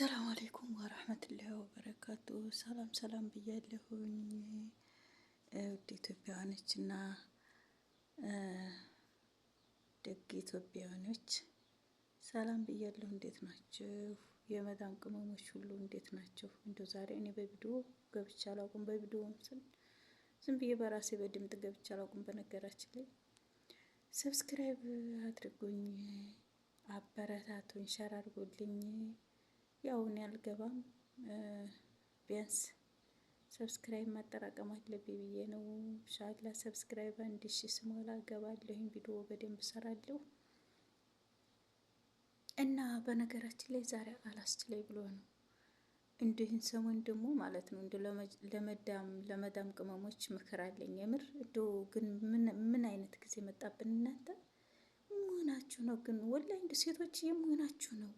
ሰላም አሌይኩም ወረህመቱላሂ ወበረካቱ። ሰላም ሰላም ብያለሁኝ ውድ ኢትዮጵያውያኖች እና ደግ ኢትዮጵያውያኖች ሰላም ብያለሁ። እንዴት ናችሁ? የመዳን ቅመሞች ሁሉ እንዴት ናቸው? እንደው ዛሬ እኔ በቪዲዮ ገብቻ አላውቅም። በቪዲዮ ምስል ዝም ብዬ በራሴ በድምጥ ገብቻ አላውቅም። በነገራችን ላይ ሰብስክራይብ አድርጉኝ፣ አበረታቱኝ፣ ሸር አድርጉልኝ። ያው እኔ አልገባም። ቢያንስ ሰብስክራይብ ማጠራቀም አለብኝ ብዬ ነው። ሻላ ሰብስክራይብ አንድ ሺ ስሞላ እገባለሁኝ፣ ቪዲዮ በደንብ ሰራለሁ። እና በነገራችን ላይ ዛሬ አላስችለኝ ብሎ ነው እንዲህን ሰሞን ደግሞ ማለት ነው እንዲ ለመዳም ለመዳም ቅመሞች ምክር አለኝ። የምር እንዲ ግን ምን አይነት ጊዜ መጣብን እናንተ? መሆናችሁ ነው ግን ወላሂ እንዲ ሴቶች የመሆናችሁ ነው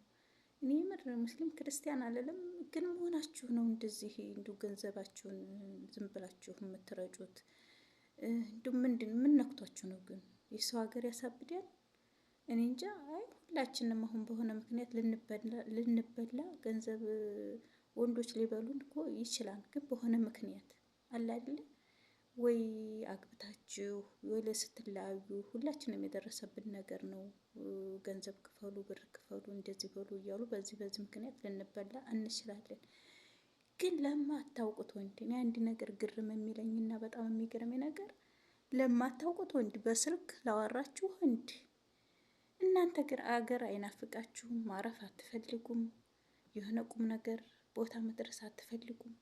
እኔ ምር ሙስሊም ክርስቲያን አለለም፣ ግን መሆናችሁ ነው እንደዚህ እንዱ ገንዘባችሁን ዝም ብላችሁ የምትረጩት እንዱ ምንድን ምን ነክቷችሁ ነው? ግን የሰው ሀገር ያሳብዳል። እኔ እንጃ። አይ ሁላችንም አሁን በሆነ ምክንያት ልንበላ ገንዘብ ወንዶች ሊበሉን እኮ ይችላል፣ ግን በሆነ ምክንያት አለ ወይ አግብታችሁ ወይ ለስትለያዩ ሁላችንም የደረሰብን ነገር ነው። ገንዘብ ክፈሉ፣ ብር ክፈሉ፣ እንደዚህ በሉ እያሉ በዚህ በዚህ ምክንያት ልንበላ እንችላለን። ግን ለማታውቁት ወንድ እኔ አንድ ነገር ግርም የሚለኝ እና በጣም የሚገርም ነገር ለማታውቁት ወንድ በስልክ ላወራችሁ ወንድ እናንተ ግን አገር አይናፍቃችሁም? ማረፍ አትፈልጉም? የሆነ ቁም ነገር ቦታ መድረስ አትፈልጉም?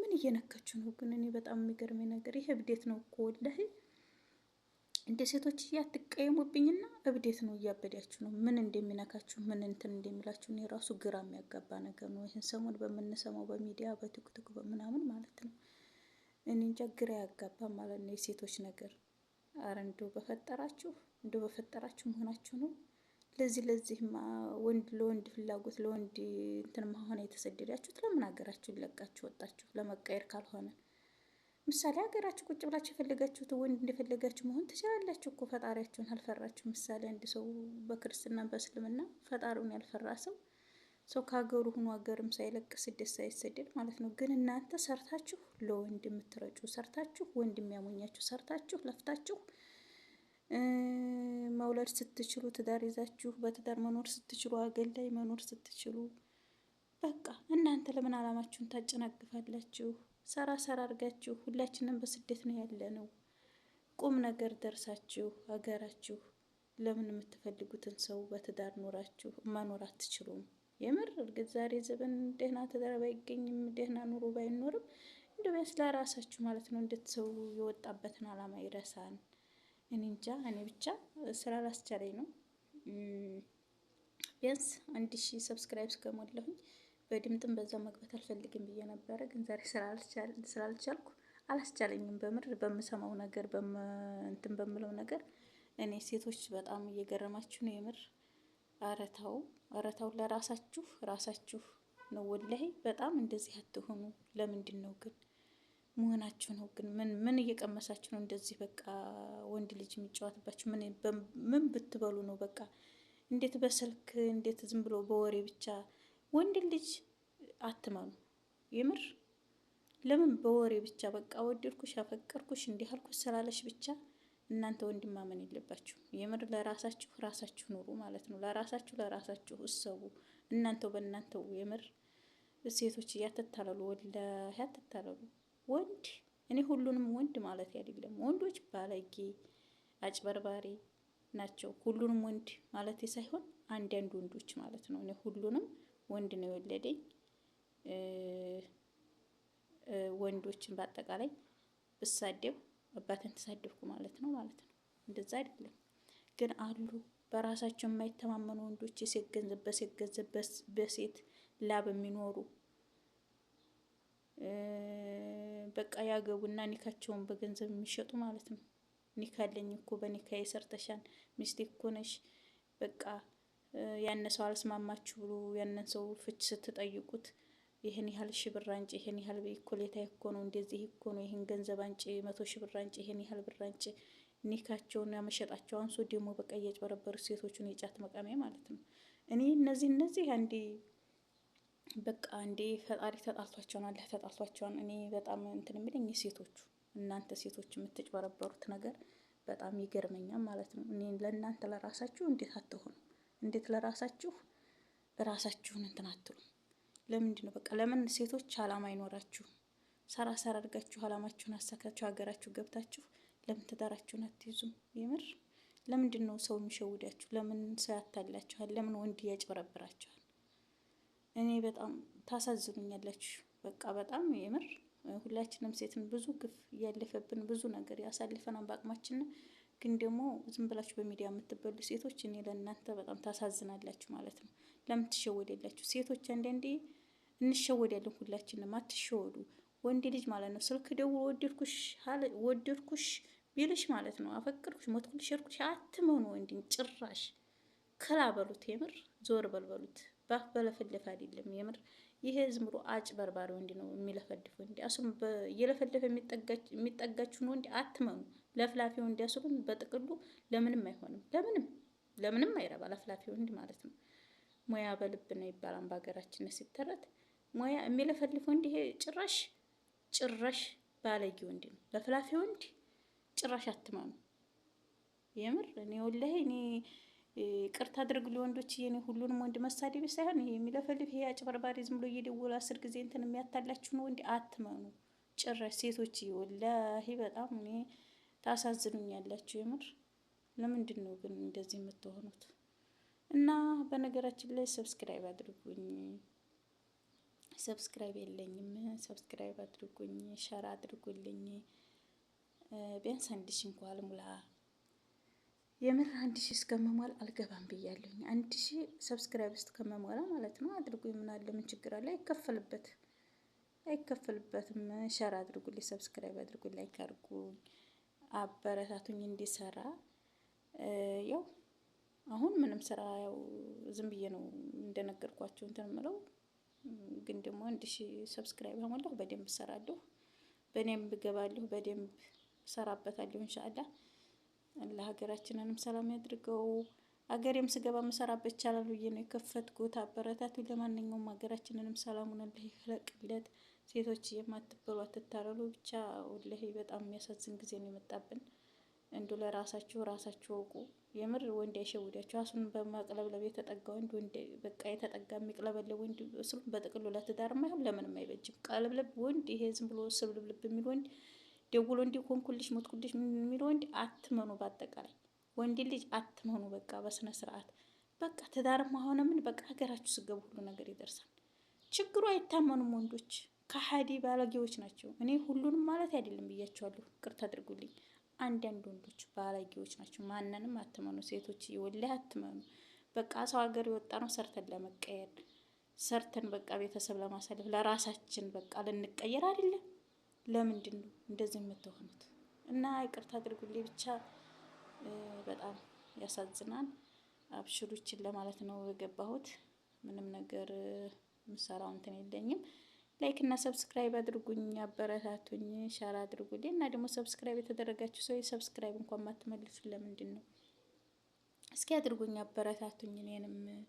ምን እየነካችሁ ነው ግን? እኔ በጣም የሚገርመኝ ነገር ይህ እብዴት ነው እኮ ወላሂ። እንደ ሴቶች እያትቀየሙብኝና እብዴት ነው እያበዳችሁ ነው። ምን እንደሚነካችሁ ምን እንትን እንደሚላችሁ እኔ ራሱ ግራ የሚያጋባ ነገር ነው። ይህን ሰሞን በምንሰማው በሚዲያ በቲክቶክ በምናምን ማለት ነው። እኔ እንጃ ግራ ያጋባ ማለት ነው የሴቶች ነገር። አረ እንደው በፈጠራችሁ እንደው በፈጠራችሁ መሆናችሁ ነው። ለዚህ ለዚህ ወንድ ለወንድ ፍላጎት ለወንድ እንትን መሆነ የተሰደዳችሁት ለምን ሀገራችሁን ለቃችሁ ወጣችሁ? ለመቀየር ካልሆነ ምሳሌ ሀገራችሁ ቁጭ ብላችሁ የፈለጋችሁት ወንድ እንደፈለጋችሁ መሆን ትችላላችሁ እኮ ፈጣሪያችሁን አልፈራችሁ። ምሳሌ አንድ ሰው በክርስትና በእስልምና ፈጣሪውን ያልፈራ ሰው ሰው ከሀገሩ ሆኖ ሀገርም ሳይለቅ ስደት ሳይሰደድ ማለት ነው። ግን እናንተ ሰርታችሁ ለወንድ የምትረጩ ሰርታችሁ ወንድ የሚያሞኛችሁ ሰርታችሁ ለፍታችሁ መውለድ ስትችሉ ትዳር ይዛችሁ በትዳር መኖር ስትችሉ አገል ላይ መኖር ስትችሉ በቃ እናንተ ለምን አላማችሁን ታጨናግፋላችሁ? ሰራ ሰራ አድርጋችሁ ሁላችንም በስደት ነው ያለ ነው። ቁም ነገር ደርሳችሁ ሀገራችሁ ለምን የምትፈልጉትን ሰው በትዳር ኖራችሁ መኖር አትችሉም? የምር እርግጥ ዛሬ ዘበን ደህና ትዳር ባይገኝም ደህና ኑሮ ባይኖርም እንዲሁ ቢያንስ ለራሳችሁ ማለት ነው። እንዴት ሰው የወጣበትን አላማ ይረሳል። እኔ እንጃ እኔ ብቻ ስራ ስላላስቻለኝ ነው። ቢያንስ አንድ ሺ ሰብስክራይብ እስከሞላሁኝ በድምጥም በዛ መግባት አልፈልግም ብዬ ነበረ። ግን ዛሬ ስላልቻልኩ አላስቻለኝም። በምር በምሰማው ነገር እንትን በምለው ነገር እኔ ሴቶች በጣም እየገረማችሁ ነው የምር። አረታው አረታው ለራሳችሁ ራሳችሁ ነው ወላሂ። በጣም እንደዚህ አትሆኑ። ለምንድን ነው ግን መሆናችሁ ነው። ግን ምን ምን እየቀመሳችሁ ነው እንደዚህ? በቃ ወንድ ልጅ የሚጫወትባችሁ ምን ብትበሉ ነው? በቃ እንዴት በስልክ እንዴት ዝም ብሎ በወሬ ብቻ ወንድ ልጅ አትመኑ። የምር ለምን በወሬ ብቻ በቃ ወደድኩሽ፣ አፈቀርኩሽ፣ እንዲህ አልኩሽ ስላለሽ ብቻ እናንተ ወንድም ማመን የለባችሁ። የምር ለራሳችሁ ራሳችሁ ኑሩ ማለት ነው። ለራሳችሁ ለራሳችሁ እሰቡ። እናንተው በእናንተው የምር ሴቶች እያተታለሉ ወላ ያተታለሉ ወንድ እኔ ሁሉንም ወንድ ማለት አይደለም። ወንዶች ባለጌ፣ አጭበርባሪ ናቸው። ሁሉንም ወንድ ማለት ሳይሆን አንዳንድ ወንዶች ማለት ነው። እኔ ሁሉንም ወንድ ነው የወለደኝ። ወንዶችን በአጠቃላይ ብሳደብ አባትን ተሳደብኩ ማለት ነው ማለት ነው። እንደዛ አይደለም ግን አሉ በራሳቸው የማይተማመኑ ወንዶች የሴት ገንዘብ በሴት ገንዘብ በሴት ላብ የሚኖሩ በቃ ያገቡና ኒካቸውን በገንዘብ የሚሸጡ ማለት ነው። ኒካ አለኝ እኮ በኒካ የሰርተሻል ሚስቴ እኮ ነሽ በቃ ያነ ሰው አልስማማችሁ ብሎ ያንን ሰው ፍች ስትጠይቁት ይህን ያህል ሺ ብር አንጭ፣ ይህን ያህል ኮሌታ እኮ ነው፣ እንደዚህ እኮ ነው፣ ይህን ገንዘብ አንጭ፣ መቶ ሺ ብር አንጭ፣ ይህን ያህል ብር አንጭ። ኒካቸውን ያመሸጣቸው አንሶ ደግሞ በቃ እያጭበረበሩ ሴቶቹን የጫት መቃሚያ ማለት ነው። እኔ እነዚህ እነዚህ አንዴ በቃ እንዴ ፈጣሪ ተጣልቷቸውን አለ ተጣልቷቸውን። እኔ በጣም እንትን የሚለኝ ሴቶቹ እናንተ ሴቶች የምትጭበረበሩት ነገር በጣም ይገርመኛል ማለት ነው። እኔ ለእናንተ ለራሳችሁ እንዴት አትሆኑ? እንዴት ለራሳችሁ ራሳችሁን እንትን አትሉ? ለምንድን ነው በቃ ለምን ሴቶች አላማ አይኖራችሁ? ሰራ ሰራ አድርጋችሁ አላማችሁን አሳካችሁ ሀገራችሁ ገብታችሁ ለምን ትዳራችሁን አትይዙም? የምር ለምንድን ነው ሰው የሚሸውዳችሁ? ለምን ሰው ያታላችኋል? ለምን ወንድ ያጭበረብራችኋል? እኔ በጣም ታሳዝኑኛለች። በቃ በጣም የምር ሁላችንም ሴትን ብዙ ግፍ እያለፈብን ብዙ ነገር ያሳልፈናን በአቅማችን ግን ደግሞ ዝም ብላችሁ በሚዲያ የምትበሉ ሴቶች እኔ ለእናንተ በጣም ታሳዝናላችሁ ማለት ነው። ለምን ትሸወዳላችሁ? ሴቶች አንዳንዴ እንሸወዳለን። ሁላችንም አትሸወዱ። ወንድ ልጅ ማለት ነው ስልክ ደውሎ ወደድኩሽ ወደድኩሽ ቢልሽ ማለት ነው አፈቅርኩሽ፣ ሞትኩልሽ፣ ሸርኩሽ አትመኑ። ወንድን ጭራሽ ከላ በሉት፣ የምር ዞር በልበሉት። ባፍ በለፈለፈ አይደለም። የምር ይሄ ዝም ብሎ አጭበርባሪ ወንድ ነው የሚለፈልፈው። እንዲ አሱም የለፈለፈ የሚጠጋችሁን ወንድ አትመኑ። ለፍላፊ ወንድ አሱም በጥቅሉ ለምንም አይሆንም፣ ለምንም ለምንም አይረባ ለፍላፊ ወንድ ማለት ነው። ሙያ በልብ ነው ይባላል በሀገራችን ሲተረት። ሙያ የሚለፈልፍ ወንድ ይሄ ጭራሽ ጭራሽ ባለጌ ወንድ ነው። ለፍላፊ ወንድ ጭራሽ አትመኑ። የምር እኔ ወላሂ እኔ ቅርታ አድርግ ለወንዶች የኔ ሁሉንም ወንድ መሳደብ ሳይሆን ይሄ የሚለፈልፍ ይሄ አጭበርባሪ ዝም ብሎ እየደወለ አስር ጊዜ እንትን የሚያታላችሁን ወንድ አትመኑ። ጭራሽ ሴቶች ወላሂ በጣም እኔ ታሳዝኑኝ ያላችሁ የምር። ለምንድን ነው ግን እንደዚህ የምትሆኑት? እና በነገራችን ላይ ሰብስክራይብ አድርጉኝ። ሰብስክራይብ የለኝም። ሰብስክራይብ አድርጉኝ፣ ሸር አድርጉልኝ። ቢያንስ አንድ ሺህ እንኳን ልሙላ የምር አንድ ሺህ እስከመሟል አልገባም ብያለሁኝ። አንድ ሺህ ሰብስክራይብ እስከመሟላ ማለት ነው አድርጉ። ምናለ ምን ችግር አለ? አይከፈልበት አይከፈልበትም። ሸር አድርጉልኝ፣ ሰብስክራይብ አድርጉ፣ ላይክ አድርጉ፣ አበረታቱኝ እንዲሰራ። ያው አሁን ምንም ስራ ያው ዝም ብዬ ነው እንደነገርኳቸው እንትን ምለው፣ ግን ደግሞ አንድ ሺህ ሰብስክራይብ ከሞላሁ በደንብ እሰራለሁ፣ በደንብ እገባለሁ፣ በደንብ እሰራበታለሁ ኢንሻአላህ። ለሀገራችንንም ሰላም ያድርገው። አገሬም ስገባ መሰራበት ይቻላል ብዬ ነው የከፈትኩት። አበረታቱ። ለማንኛውም ሀገራችንንም ሰላሙን አላህ ይፍለቅለት። ሴቶች የማትበሉ አትታረሉ። ብቻ ወላሂ በጣም የሚያሳዝን ጊዜ ነው የመጣብን። እንዱ ለራሳችሁ ራሳችሁ እውቁ። የምር ወንድ ያሸውዳችሁ። አሱን በማቅለብለብ የተጠጋ ወንድ ወንድ በቃ የተጠጋ የሚቅለበለ ወንድ ስሉም በጥቅሉ ለትዳር ማይሆን ለምንም አይበጅም። ቀለብለብ ወንድ ይሄ ዝም ብሎ ስብልብልብ የሚል ወንድ ደውሎ እንዲ ኮንኩልሽ ሞትኩልሽ የሚል ወንድ አትመኑ። በአጠቃላይ ወንድ ልጅ አትመኑ። በቃ በስነ ስርዓት በቃ ትዳርም ሆነ ምን በቃ ሀገራችሁ ስገቡ ሁሉ ነገር ይደርሳል። ችግሩ አይታመኑም ወንዶች ከሀዲ ባለጌዎች ናቸው። እኔ ሁሉንም ማለት አይደለም ብያቸዋለሁ፣ ቅርታ አድርጉልኝ። አንዳንድ ወንዶች ባለጌዎች ናቸው። ማንንም አትመኑ ሴቶች፣ ወላሂ አትመኑ። በቃ ሰው ሀገር የወጣ ነው ሰርተን ለመቀየር ሰርተን በቃ ቤተሰብ ለማሳለፍ ለራሳችን በቃ ልንቀየር አይደለም ለምንድን ነው እንደዚህ የምትሆኑት? እና ይቅርታ አድርጉልኝ ብቻ በጣም ያሳዝናል። አብሽሩችን ለማለት ነው የገባሁት። ምንም ነገር ምሰራው እንትን የለኝም። ላይክ እና ሰብስክራይብ አድርጉኝ፣ አበረታቱኝ፣ ሻራ አድርጉልኝ እና ደግሞ ሰብስክራይብ የተደረጋችሁ ሰው የሰብስክራይብ እንኳን ማትመልሱ ለምንድን ነው? እስኪ አድርጉኝ፣ አበረታቱኝ እኔንም